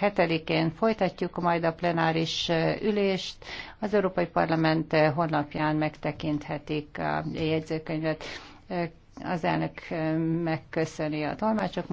7-én folytatjuk majd a plenáris ülést. Az Európai Parlament honlapján megtekinthetik a jegyzőkönyvet. Az elnök megköszöni a tolmácsok